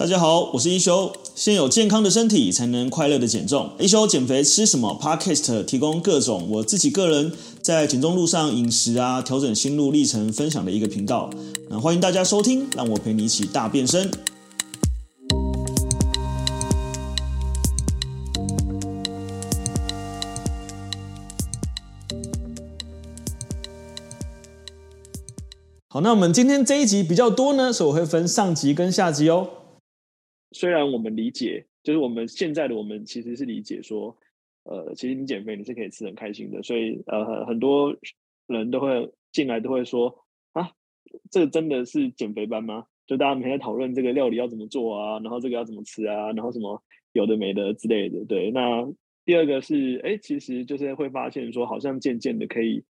大家好，我是一休。先有健康的身體，才能快樂的減重。一休減肥吃什麼？Podcast 提供各種我自己個人在減重路上飲食啊，調整心路歷程分享的一個頻道。那歡迎大家收聽，讓我陪你一起大變身。好，那我們今天這一集比較多呢，所以我會分上集跟下集哦。雖然我們理解，就是我們現在的我們其實是理解說，呃，其實你減肥你是可以吃很開心的，所以呃，很多人都會進來都會說啊，這個真的是減肥班嗎？就大家每天在討論這個料理要怎麼做啊，然後這個要怎麼吃啊，然後什麼有的沒的之類的。對，那第二個是，哎、欸，其實就是會發現說，好像漸漸的可以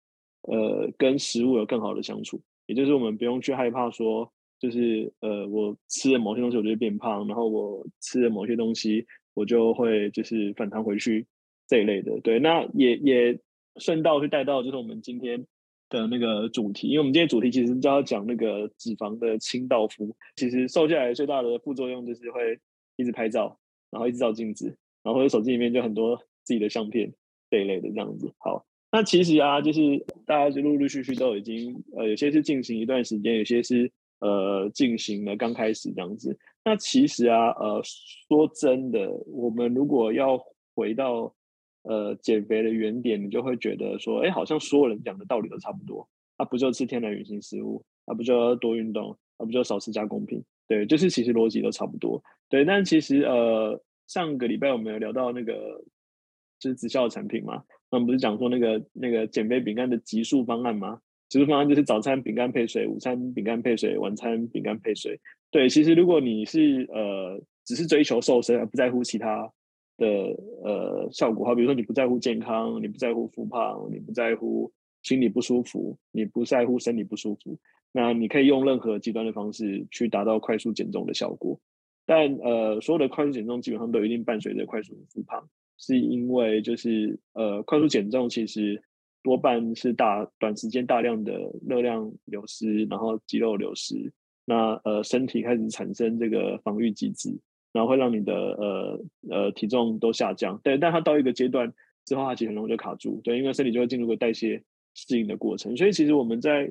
呃跟食物有更好的相處，也就是我們不用去害怕說。就是呃，我吃了某些東西，我就會變胖，然後我吃了某些東西，我就會就是反彈回去這一類的。對，那也也順道去帶到就是我們今天的那個主題，因為我們今天的主題其實就要講那個脂肪的清道夫。其實瘦下來最大的副作用就是會一直拍照，然後一直照鏡子，然後或者手機裡面就很多自己的相片這一類的這樣子。好，那其實啊，就是大家就陸陸續續續都已經呃，有些是進行一段時間，有些是。呃，進行了剛開始這樣子。那其實啊，呃，說真的，我們如果要回到呃減肥的原點，你就會覺得說，哎、欸，好像所有人講的道理都差不多。啊，不就吃天然原型食物？啊，不就要多運動？啊，不就少吃加工品？對，就是其實邏輯都差不多。對，但其實呃，上個禮拜我們有聊到那個就是直銷的產品嘛，那我們不是講說那個那個減肥餅乾的極速方案嗎？其實方案就是早餐餅乾配水，午餐餅乾配水，晚餐餅乾配水。對，其實如果你是呃，只是追求瘦身，而不在乎其他的呃效果，好，比如說你不在乎健康，你不在乎復胖，你不在乎心裡不舒服，你不在乎身體不舒服，那你可以用任何極端的方式去達到快速減重的效果。但呃，所有的快速減重基本上都一定伴隨着快速的復胖，是因為就是呃，快速減重其實。多半是大，短時間大量的熱量流失，然後肌肉流失，那呃身體開始產生這個防禦機制，然後會讓你的呃呃體重都下降。對，但但它到一個階段之後，它其實很容易就卡住，對，因為身體就會進入個代謝適應的過程。所以其實我們在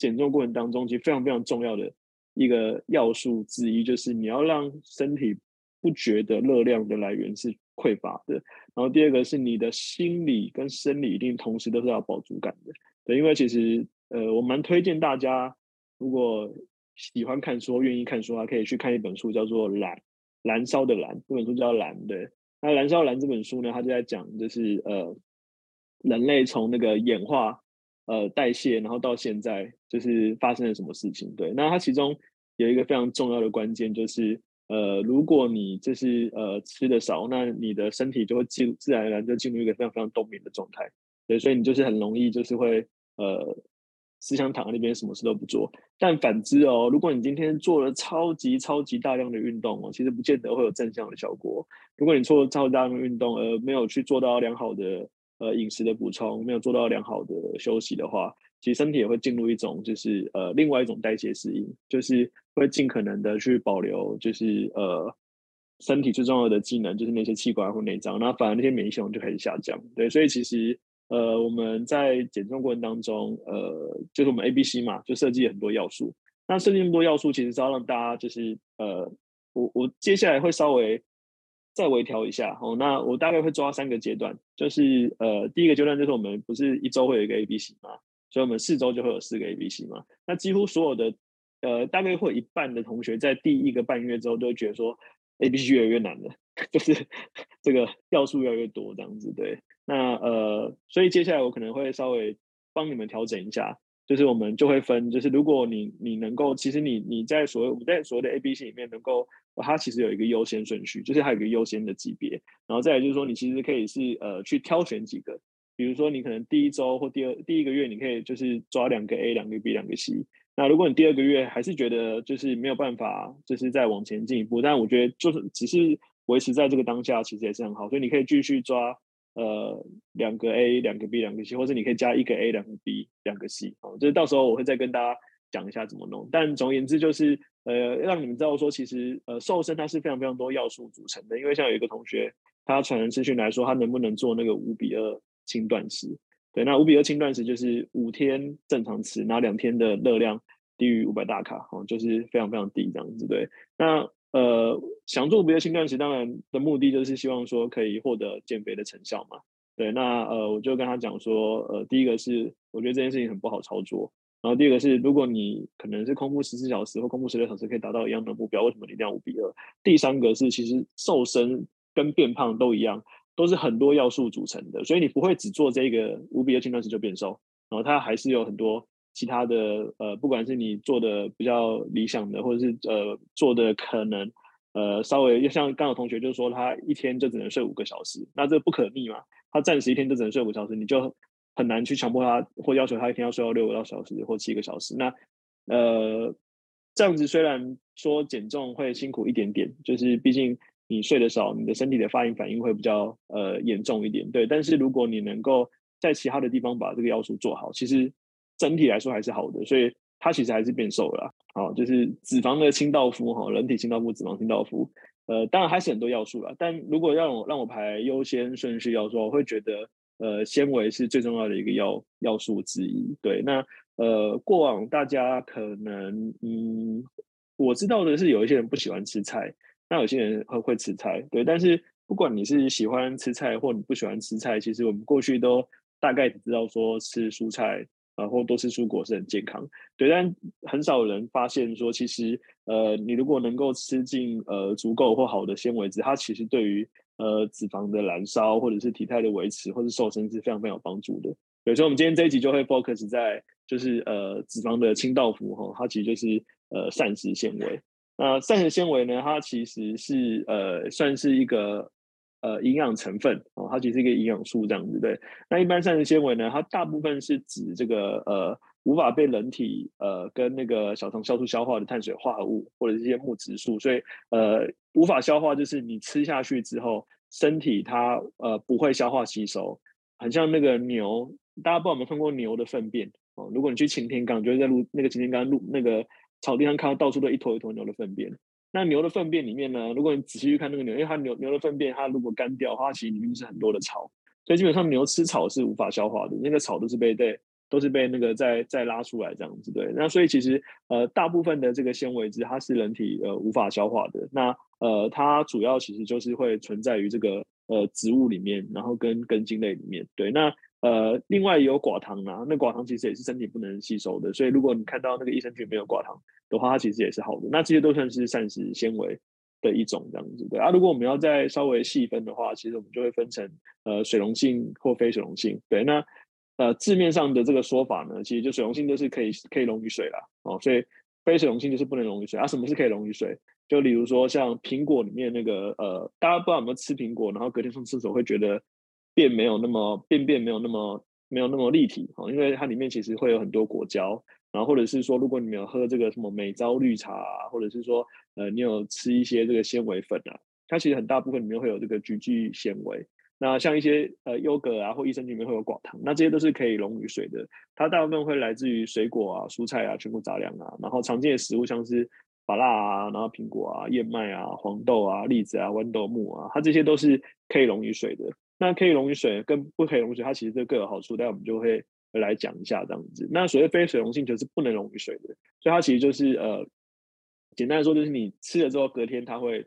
減重過程當中，其實非常非常重要的一個要素之一，就是你要讓身體不覺得熱量的來源是匱乏的，然後第二個是你的心理跟生理一定同時都是要飽足感的，對，因為其實呃，我蠻推薦大家，如果喜歡看書、願意看書還可以去看一本書，叫做《燃》燃燒的燃，這本書叫《燃》，對，那《燃燒燃》這本書呢，它就在講就是呃，人類從那個演化、呃代謝，然後到現在就是發生了什麼事情，對，那它其中有一個非常重要的關鍵就是。呃，如果你就是呃吃得少，那你的身體就會進自然而然就進入一個非常非常冬眠的狀態，對，所以你就是很容易就是會呃只想躺在那邊什麼事都不做。但反之哦，如果你今天做了超級超級大量的運動哦，其實不見得會有正向的效果。如果你做了超級大量的運動而、呃、沒有去做到良好的呃飲食的補充，沒有做到良好的休息的話，其實身體也會進入一種，就是呃，另外一種代謝適應，就是會盡可能的去保留，就是呃，身體最重要的機能，就是那些器官或內臟。那反而那些免疫系統就開始下降，對，所以其實呃，我們在減重過程當中，呃，就是我們 A、B、C 嘛，就設計了很多要素。那設計那麼多要素，其實是要讓大家就是呃，我我接下來會稍微再微調一下，哦，那我大概會抓三個階段，就是呃，第一個階段就是我們不是一周會有一個 A、B、C 嘛。所以我們四周就會有四個 A、B、C 嘛，那幾乎所有的，呃，大概會有一半的同學在第一個半月之後都會覺得說，A、B、C 越來越難了，就是這個要素越來越多這樣子。對，那呃，所以接下來我可能會稍微幫你們調整一下，就是我們就會分，就是如果你你能夠，其實你你在所有我們在所有的 A、B、C 裡面能夠，它其實有一個優先順序，就是它有一個優先的級別，然後再來就是說，你其實可以是呃去挑選幾個。比如說，你可能第一周或第二第一個月，你可以就是抓兩個 A，兩個 B，兩個 C。那如果你第二個月還是覺得就是沒有辦法，就是再往前進一步，但我覺得就是只是維持在這個當下，其實也是很好。所以你可以繼續抓呃兩個 A，兩個 B，兩個 C，或者你可以加一個 A，兩個 B，兩個 C，哦。好，就是到時候我會再跟大家講一下怎麼弄。但總而言之，就是呃讓你們知道說，其實呃瘦身它是非常非常多要素組成的。因為像有一個同學，他傳的資訊來說，他能不能做那個五比二？輕斷食，對，那五比二輕斷食就是五天正常吃，然後兩天的熱量低於五百大卡，嗯，就是非常非常低這樣子，對。那呃，想做五比二輕斷食，當然的目的就是希望說可以獲得減肥的成效嘛，對。那呃，我就跟他講說，呃，第一個是我覺得這件事情很不好操作，然後第二個是如果你可能是空腹十四小時或空腹十六小時可以達到一樣的目標，為什麼你一定要五比二？第三個是其實瘦身跟變胖都一樣。都是很多要素組成的，所以你不會只做這個五比二斷食，就變瘦，然後它還是有很多其他的呃，不管是你做的比較理想的，或者是呃做的可能呃稍微像剛，剛有同學就說他一天就只能睡五個小時，那這不可逆嘛，他暫時一天就只能睡五個小時，你就很難去強迫他或要求他一天要睡到六個到小時或七個小時。那呃這樣子雖然說減重會辛苦一點點，就是畢竟。你睡得少，你的身體的發炎反應會比較呃嚴重一點，對。但是如果你能夠在其他的地方把這個要素做好，其實整體來說還是好的。所以它其實還是變瘦了，好，就是脂肪的清道夫哈，人體清道夫，脂肪清道夫。呃，當然還是很多要素啦，但如果要讓我讓我排優先順序要素，我會覺得呃，纖維是最重要的一個要要素之一。對，那呃，過往大家可能嗯，我知道的是有一些人不喜歡吃菜。那有些人會會吃菜，對，但是不管你是喜歡吃菜或你不喜歡吃菜，其實我們過去都大概知道說吃蔬菜啊、呃、或多吃蔬果是很健康，對，但很少有人發現說，其實呃，你如果能夠吃進呃足夠或好的纖維質，它其實對於呃脂肪的燃燒或者是體態的維持或者是瘦身是非常非常有幫助的。對，所以我們今天這一集就會 focus 在就是呃脂肪的清道夫哈，它其實就是呃膳食纖維。呃膳食纖維呢，它其實是呃，算是一個呃營養成分哦，它其實是一個營養素這樣子對。那一般膳食纖維呢，它大部分是指這個呃無法被人體呃跟那個小腸酵素消化的碳水化合物或者是些木質素，所以呃無法消化就是你吃下去之後，身體它呃不會消化吸收，很像那個牛，大家不知道有沒有看過牛的糞便哦，如果你去擎天崗，你就會在路那個擎天崗路那個。草地上看到到處都一坨一坨牛的糞便，那牛的糞便裡面呢？如果你仔細去看那個牛，因為它牛牛的糞便，它如果乾掉的話，它其實裡面是很多的草，所以基本上牛吃草是無法消化的，那個草都是被對，都是被那個再再拉出來這樣子對。那所以其實呃大部分的這個纖維質它是人體呃無法消化的，那呃它主要其實就是會存在於這個呃植物裡面，然後跟根莖類裡面對那。呃，另外也有寡糖啦、啊，那寡糖其實也是身體不能吸收的，所以如果你看到那個益生菌沒有寡糖的話，它其實也是好的。那這些都算是膳食纖維的一種，這樣子對啊。如果我們要再稍微細分的話，其實我們就會分成呃水溶性或非水溶性。對，那呃字面上的這個說法呢，其實就水溶性就是可以可以溶於水啦，哦，所以非水溶性就是不能溶於水。啊，什麼是可以溶於水？就例如說像蘋果裡面那個呃，大家不知道有沒有吃蘋果，然後隔天上廁所會覺得。便沒有那麼，便便沒有那麼，沒有那麼立體哦，因為它裡面其實會有很多果膠，然後或者是說，如果你沒有喝這個什麼每朝綠茶啊，或者是說，呃，你有吃一些這個纖維粉啊，它其實很大部分裡面會有這個菊苣纖維。那像一些呃優格啊，或益生菌裡面會有寡糖，那這些都是可以溶於水的。它大部分會來自於水果啊、蔬菜啊、全穀雜糧啊，然後常見的食物像是芭樂啊、然後蘋果啊、燕麥啊、黃豆啊、栗子啊、豌豆木啊，它這些都是可以溶於水的。那可以溶於水跟不可以溶於水，它其實都各有好處，待會我們就會來講一下這樣子。那所謂非水溶性就是不能溶於水的，所以它其實就是呃，簡單來說就是你吃了之後隔天它會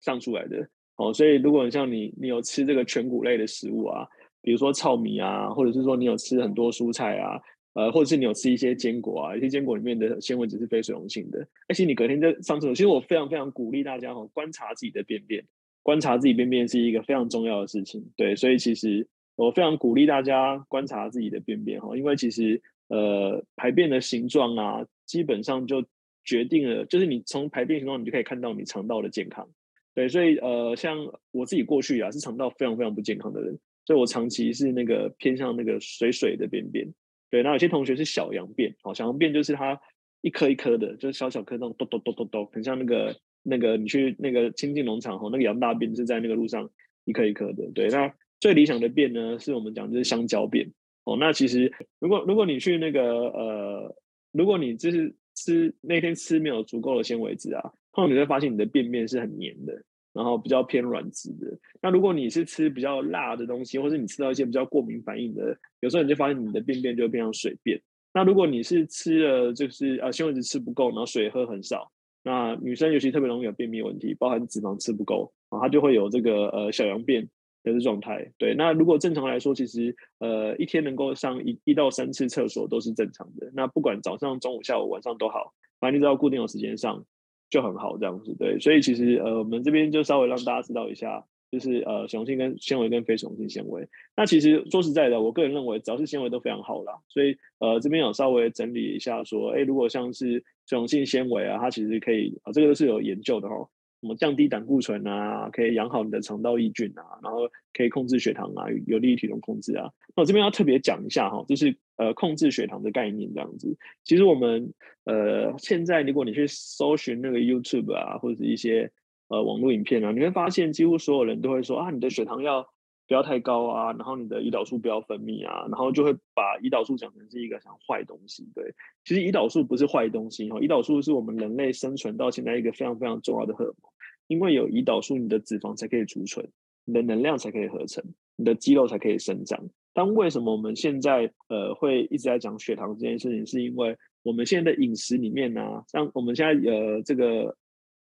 上出來的。哦，所以如果你像你你有吃這個全穀類的食物啊，比如說糙米啊，或者是說你有吃很多蔬菜啊，呃，或者是你有吃一些堅果啊，一些堅果裡面的纖維質是非水溶性的，而且你隔天就上廁所。其實我非常非常鼓勵大家哦，觀察自己的便便。觀察自己便便是一個非常重要的事情，對，所以其實我非常鼓勵大家觀察自己的便便哈，因為其實呃排便的形狀啊，基本上就決定了，就是你從排便形狀你就可以看到你腸道的健康，對，所以呃像我自己過去啊是腸道非常非常不健康的人，所以我長期是那個偏向那個水水的便便，對，那有些同學是小羊便，好，小羊便就是它一顆一顆的，就是小小顆，就小小顆那種，咚咚咚咚咚，很像那個。那個你去那個清境農場哦，那個羊大便是在那個路上一顆一顆的。對，那最理想的便呢，是我們講就是香蕉便哦。那其實如果如果你去那個呃，如果你就是吃那天吃沒有足夠的纖維質啊，然後你會發現你的便便是很黏的，然後比較偏軟質的。那如果你是吃比較辣的東西，或是你吃到一些比較過敏反應的，有時候你就發現你的便便就會變成水便。那如果你是吃了就是啊纖維質吃不夠，然後水喝很少。那女生尤其特別容易有便秘問題，包含脂肪吃不夠啊，她就會有這個呃小羊便的狀態。對，那如果正常來說，其實呃一天能夠上一一到三次廁所都是正常的。那不管早上、中午、下午、晚上都好，反正你只要固定有時間上就很好，這樣子對。所以其實呃我們這邊就稍微讓大家知道一下，就是呃水溶性跟纖維跟非水溶性纖維。那其實說實在的，我個人認為只要是纖維都非常好啦。所以呃這邊有稍微整理一下說，哎、欸、如果像是。水溶性纖維啊，它其實可以啊、哦，這個都是有研究的哦。什麼降低膽固醇啊，可以養好你的腸道益菌啊，然後可以控制血糖啊，有利於體重控制啊。那、哦、我這邊要特別講一下哈、哦，就是呃控制血糖的概念這樣子。其實我們呃現在如果你去搜尋那個 YouTube 啊，或者是一些呃網絡影片啊，你會發現幾乎所有人都會說啊，你的血糖要。不要太高啊，然後你的胰島素不要分泌啊，然後就會把胰島素講成是一個像壞東西。對，其實胰島素不是壞東西哈、哦，胰島素是我們人類生存到現在一個非常非常重要的荷爾蒙，因為有胰島素，你的脂肪才可以儲存，你的能量才可以合成，你的肌肉才可以生長。但為什麼我們現在呃會一直在講血糖這件事情，是因為我們現在的飲食裡面呢、啊，像我們現在呃這個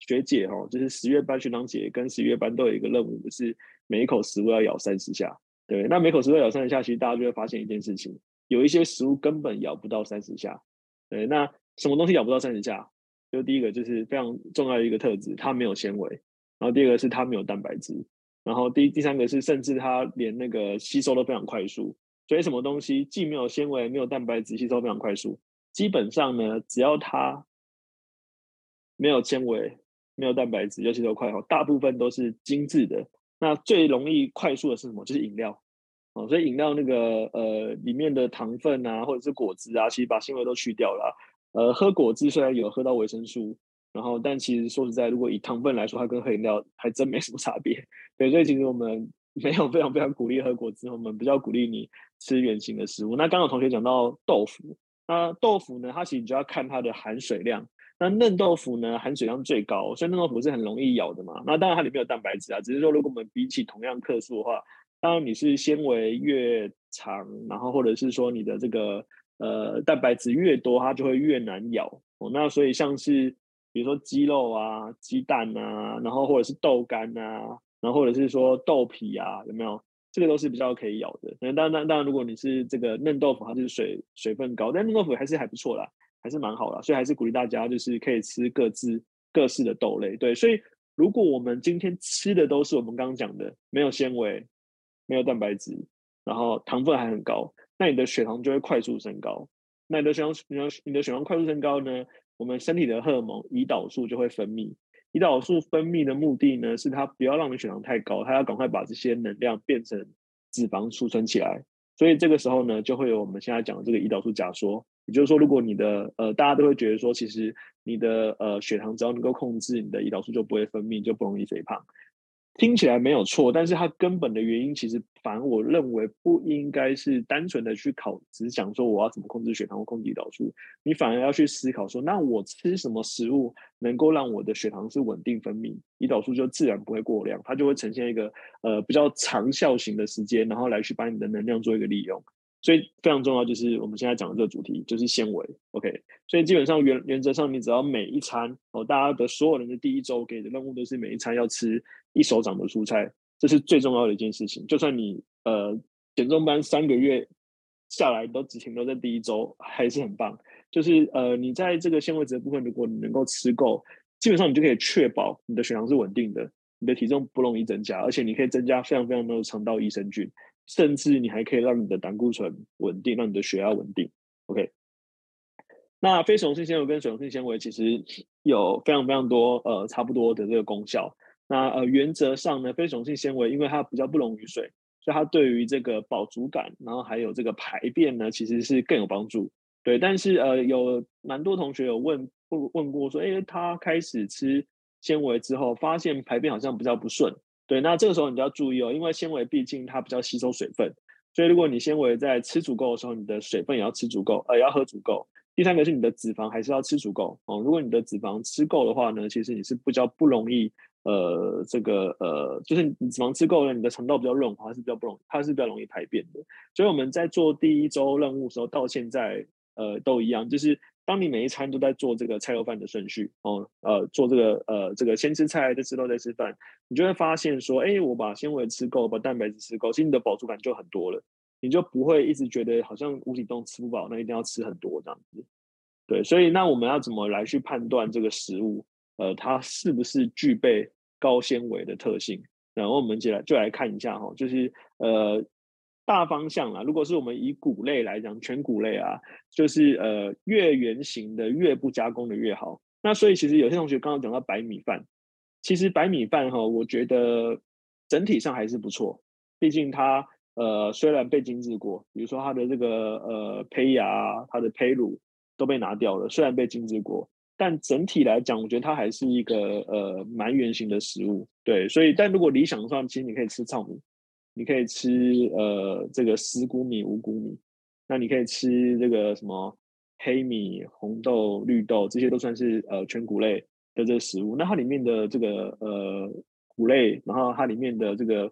學姐哦，就是十月班學長姐跟十月班都有一個任務、就是。每一口食物要咬三十下，對，那每口食物要咬三十下，其實大家就會發現一件事情，有一些食物根本咬不到三十下。對，那什麼東西咬不到三十下？就第一個就是非常重要的一個特質，它沒有纖維，然後第二個是它沒有蛋白質，然後第第三個是甚至它連那個吸收都非常快速。所以，什麼東西既沒有纖維，沒有蛋白質，吸收非常快速，基本上呢，只要它沒有纖維、沒有蛋白質，就吸收快，好，大部分都是精致的。那最容易快速的是什麼？就是飲料哦。所以飲料那個呃裡面的糖分吶、啊，或者是果汁啊，其實把纖維都去掉了、啊。呃，喝果汁雖然有喝到維生素，然後但其實說實在，如果以糖分來說，它跟喝飲料還真沒什麼差別。所以，其實我們沒有非常非常鼓勵喝果汁，我們比較鼓勵你吃原形的食物。那剛剛有同學講到豆腐，那豆腐呢，它其實就要看它的含水量。那嫩豆腐呢？含水量最高，所以嫩豆腐是很容易咬的嘛。那當然它裡面有蛋白質啊，只是說如果我們比起同樣克數的話，當然你是纖維越長，然後或者是說你的這個呃蛋白質越多，它就會越難咬。哦，那所以像是比如說雞肉啊、雞蛋啊，然後或者是豆干啊，然後或者是說豆皮啊，有沒有？這個都是比較可以咬的。那當然，當然如果你是這個嫩豆腐，它就是水水分高，但嫩豆腐還是還不錯啦。還是蠻好啦，所以還是鼓勵大家，就是可以吃各自各式的豆類。對，所以如果我們今天吃的都是我們剛剛講的，沒有纖維、沒有蛋白質，然後糖分還很高，那你的血糖就會快速升高。那你的血糖、你的、你的血糖快速升高呢，我們身體的荷爾蒙胰島素就會分泌。胰島素分泌的目的呢，是它不要讓你血糖太高，它要趕快把這些能量變成脂肪儲存起來。所以這個時候呢，就會有我們現在講的這個胰島素假說。也就是說，如果你的呃，大家都會覺得說，其實你的呃血糖只要能夠控制，你的胰島素就不會分泌，就不容易肥胖。聽起來沒有錯，但是它根本的原因其實反而我認為不應該是單純的去考，只是想說我要怎麼控制血糖或控制胰島素，你反而要去思考說，那我吃什麼食物能夠讓我的血糖是穩定分泌，胰島素就自然不會過量，它就會呈現一個呃比較長效型的時間，然後來去把你的能量做一個利用。所以非常重要，就是我們現在講的這個主題就是纖維。OK，所以基本上原原則上，你只要每一餐哦，大家的所有人的第一周給的任務都是每一餐要吃一手掌的蔬菜，這是最重要的一件事情。就算你呃減重班三個月下來都只停留在第一周，還是很棒。就是呃，你在這個纖維值的部分，如果你能夠吃夠，基本上你就可以確保你的血糖是穩定的，你的體重不容易增加，而且你可以增加非常非常多的腸道益生菌。甚至你還可以讓你的膽固醇穩定，讓你的血壓穩定。OK，那非溶性纖維跟水溶性纖維其實有非常非常多呃差不多的這個功效。那呃原則上呢，非溶性纖維因為它比較不溶於水，所以它對於這個飽足感，然後還有這個排便呢，其實是更有幫助。對，但是呃有蠻多同學有問問過說，誒，他開始吃纖維之後，發現排便好像比較不順。對，那這個時候你就要注意哦，因為纖維畢竟它比較吸收水分，所以如果你纖維在吃足夠的時候，你的水分也要吃足夠，呃，也要喝足夠。第三個是你的脂肪還是要吃足夠哦，如果你的脂肪吃夠的話呢，其實你是比較不容易，呃，這個呃，就是你脂肪吃夠了，你的腸道比較潤滑，它是比較不容易，它是比較容易排便的。所以我們在做第一周任務的時候到現在，呃，都一樣，就是。當你每一餐都在做這個菜肉飯的順序哦，呃，做這個呃，這個先吃菜，再吃肉，再吃飯，你就會發現說，哎、欸，我把纖維吃夠，把蛋白質吃夠，其實你的飽足感就很多了，你就不會一直覺得好像無底洞吃不飽，那一定要吃很多這樣子。對，所以那我們要怎麼來去判斷這個食物，呃，它是不是具備高纖維的特性？然後我們來就來看一下哈，就是呃。大方向啦、啊，如果是我們以穀類來講，全穀類啊，就是呃越原形的越不加工的越好。那所以其實有些同學剛剛講到白米飯，其實白米飯哈、哦，我覺得整體上還是不錯，畢竟它呃雖然被精製過，比如說它的這個呃胚芽、它的胚乳都被拿掉了，雖然被精製過，但整體來講，我覺得它還是一個呃蠻原形的食物。對，所以但如果理想上，其實你可以吃糙米。你可以吃呃這個十穀米、五穀米，那你可以吃這個什麼黑米、紅豆、綠豆，這些都算是呃全穀類的這個食物。那它裡面的這個呃穀類，然後它裡面的這個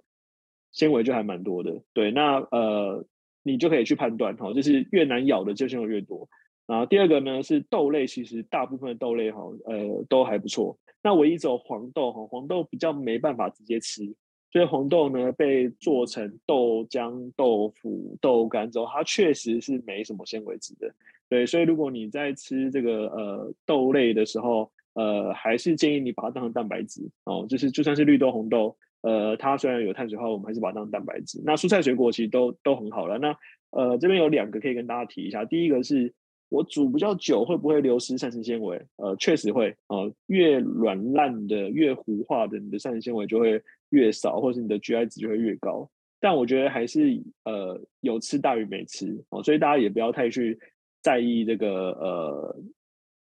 纖維就還蠻多的。對，那呃你就可以去判斷吼、哦，就是越難咬的就纖維越多。然後第二個呢是豆類，其實大部分的豆類哈呃都還不錯。那唯一走黃豆哈，黃豆比較沒辦法直接吃。所以紅豆呢，被做成豆漿、豆腐、豆乾之後，它確實是沒什麼纖維質的。對，所以如果你在吃這個呃豆類的時候，呃，還是建議你把它當成蛋白質哦。就是就算是綠豆、紅豆，呃，它雖然有碳水化合物，我們還是把它當成蛋白質。那蔬菜水果其實都都很好了。那呃，這邊有兩個可以跟大家提一下。第一個是我煮比較久會不會流失膳食纖維？呃，確實會。呃，越軟爛的、越糊化的，你的膳食纖維就會。越少，或是你的 GI 值就會越高，但我覺得還是呃有吃大於沒吃哦，所以大家也不要太去在意這個呃，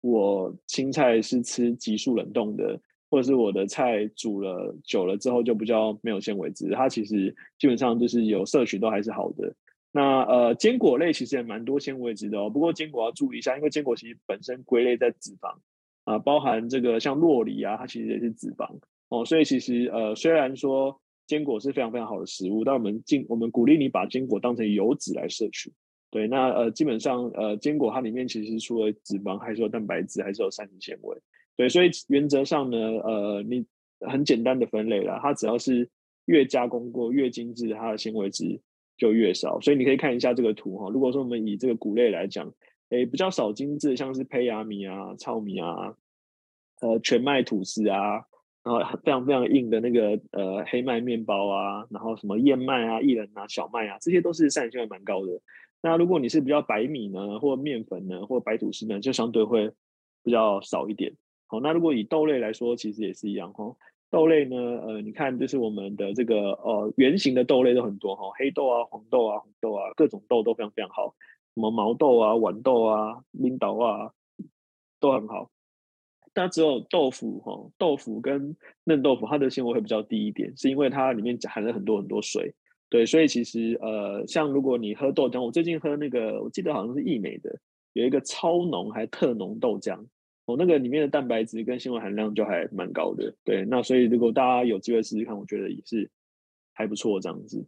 我青菜是吃急速冷凍的，或者是我的菜煮了久了之後就比較沒有纖維質，它其實基本上就是有攝取都還是好的。那呃堅果類其實也蠻多纖維質的哦，不過堅果要注意一下，因為堅果其實本身歸類在脂肪啊、呃，包含這個像酪梨啊，它其實也是脂肪。哦，所以其實呃，雖然說堅果是非常非常好的食物，但我們盡我們鼓勵你把堅果當成油脂來攝取。對，那呃，基本上呃，堅果它裡面其實除了脂肪，還是有蛋白質，還是有膳食纖維。對，所以原則上呢，呃，你很簡單的分類啦，它只要是越加工過越精緻，它的纖維質就越少。所以你可以看一下這個圖哈。如果說我們以這個穀類來講，誒，比較少精緻，像是胚芽米啊、糙米啊、呃全麥吐司啊。然後非常非常硬的那個呃黑麥麵包啊，然後什麼燕麥啊、薏仁啊、小麥啊，這些都是膳食纖維蠻高的。那如果你是比較白米呢，或麵粉呢，或白吐司呢，就相對會比較少一點。好、哦，那如果以豆類來說，其實也是一樣哈、哦。豆類呢，呃，你看就是我們的這個呃、哦、圓形的豆類都很多哈、哦，黑豆啊、黃豆啊、紅豆啊，各種豆都非常非常好，什麼毛豆啊、豌豆啊、扁豆啊，都很好。它只有豆腐哈，豆腐跟嫩豆腐它的纖維會比較低一點，是因為它裡面含了很多很多水，對，所以其實呃，像如果你喝豆漿，我最近喝那個，我記得好像是義美的有一個超濃還特濃豆漿，哦，那個裡面的蛋白質跟纖維含量就還蠻高的，對，那所以如果大家有機會試試看，我覺得也是還不錯這樣子。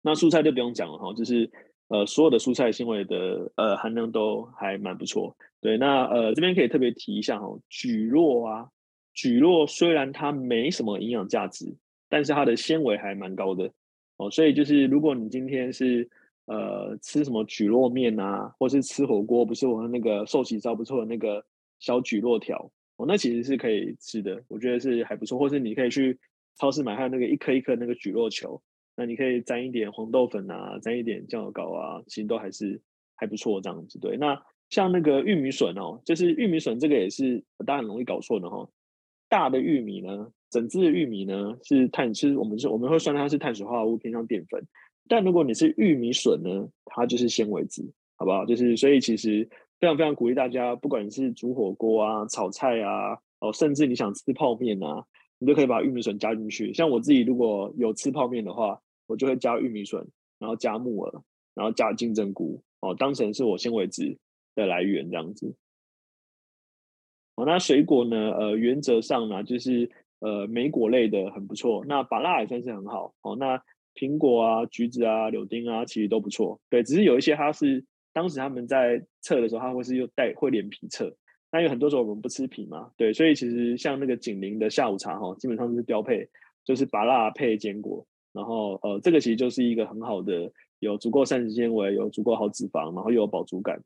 那蔬菜就不用講了哈，就是。呃，所有的蔬菜纖維的呃含量都還蠻不錯。對，那呃這邊可以特別提一下哦，蒟蒻啊，蒟蒻雖然它沒什麼營養價值，但是它的纖維還蠻高的哦。所以就是如果你今天是呃吃什麼蒟蒻麵啊，或是吃火鍋，不是我們那個壽喜燒不錯的那個小蒟蒻條哦，那其實是可以吃的，我覺得是還不錯。或是你可以去超市買它那個一顆一顆那個蒟蒻球。那你可以沾一點黃豆粉啊，沾一點醬油膏啊，其實都還是還不錯這樣子對。那像那個玉米筍哦，就是玉米筍這個也是大家很容易搞錯的哦，大的玉米呢，整隻的玉米呢是碳，是我們、就是我們會算它是碳水化合物偏向澱粉。但如果你是玉米筍呢，它就是纖維質，好不好？就是所以其實非常非常鼓勵大家，不管是煮火鍋啊、炒菜啊，哦，甚至你想吃泡麵啊。你就可以把玉米筍加進去，像我自己如果有吃泡麵的話，我就會加玉米筍，然後加木耳，然後加金針菇哦，當成是我纖維質的來源這樣子。哦，那水果呢？呃，原則上呢，就是呃，莓果類的很不錯，那芭樂也算是很好哦。那蘋果啊、橘子啊、柳丁啊，其實都不錯。對，只是有一些它是當時他們在測的時候，它會是又帶會連皮測。那有很多時候我們不吃皮嘛，對，所以其實像那個錦麟的下午茶哈，基本上是標配，就是芭樂配堅果，然後呃，這個其實就是一個很好的有足夠膳食纖維、有足夠好脂肪，然後又有飽足感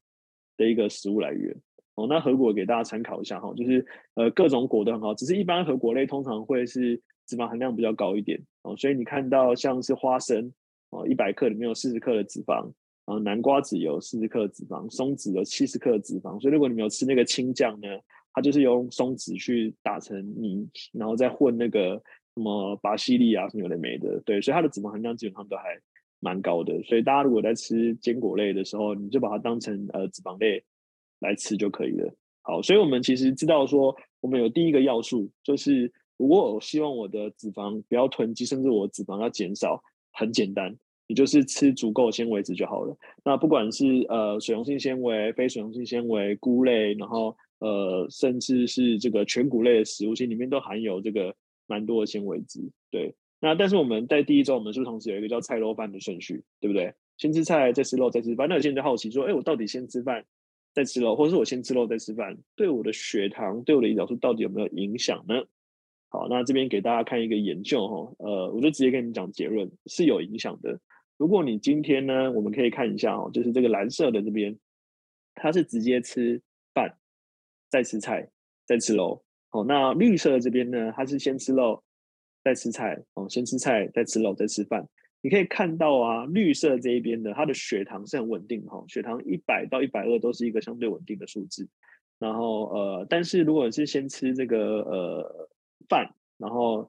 的一個食物來源。哦，那核果給大家參考一下哈，就是呃各種果都很好，只是一般核果類通常會是脂肪含量比較高一點哦，所以你看到像是花生哦，一百克裡面有四十克的脂肪。然後南瓜籽有四十克脂肪，松子有七十克脂肪，所以如果你沒有吃那個青醬呢，它就是用松子去打成泥，然後再混那個什麼巴西利亞什麼有的沒的，對，所以它的脂肪含量基本上都還蠻高的。所以大家如果在吃堅果類的時候，你就把它當成呃脂肪類來吃就可以了。好，所以我們其實知道說，我們有第一個要素，就是如果我希望我的脂肪不要囤積，甚至我的脂肪要減少，很簡單。也就是吃足夠纖維質就好了。那不管是呃水溶性纖維、非水溶性纖維、菇類，然後呃甚至是這個全穀類的食物，其實裡面都含有這個蠻多的纖維質。對，那但是我們在第一周，我們是不是同時有一個叫菜肉飯的順序，對不對？先吃菜，再吃肉，再吃飯。那有些人就好奇說，哎，我到底先吃飯再吃肉，或者是我先吃肉再吃飯，對我的血糖、對我的胰島素到底有沒有影響呢？好，那這邊給大家看一個研究哈，呃，我就直接跟你們講結論，是有影響的。如果你今天呢，我們可以看一下哦，就是這個藍色的這邊，它是直接吃飯，再吃菜，再吃肉。哦，那綠色的這邊呢，它是先吃肉，再吃菜。哦，先吃菜，再吃肉，再吃飯。你可以看到啊，綠色這一邊的它的血糖是很穩定哈，哦，血糖一百到一百二都是一個相對穩定的數字。然後呃，但是如果你是先吃這個呃飯，然後。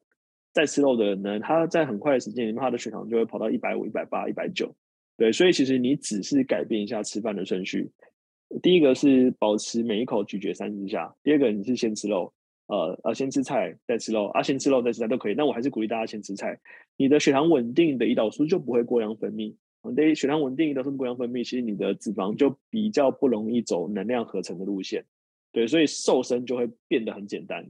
再吃肉的人呢，他在很快的時間裡面，他的血糖就會跑到一百五、一百八、一百九，對，所以其實你只是改變一下吃飯的順序。第一個是保持每一口咀嚼三十下，第二個你是先吃肉，呃呃、啊，先吃菜再吃肉，啊，先吃肉再吃菜都可以。那我還是鼓勵大家先吃菜，你的血糖穩定的，胰島素就不會過量分泌。對、嗯，血糖穩定，胰島素過量分泌，其實你的脂肪就比較不容易走能量合成的路線，對，所以瘦身就會變得很簡單。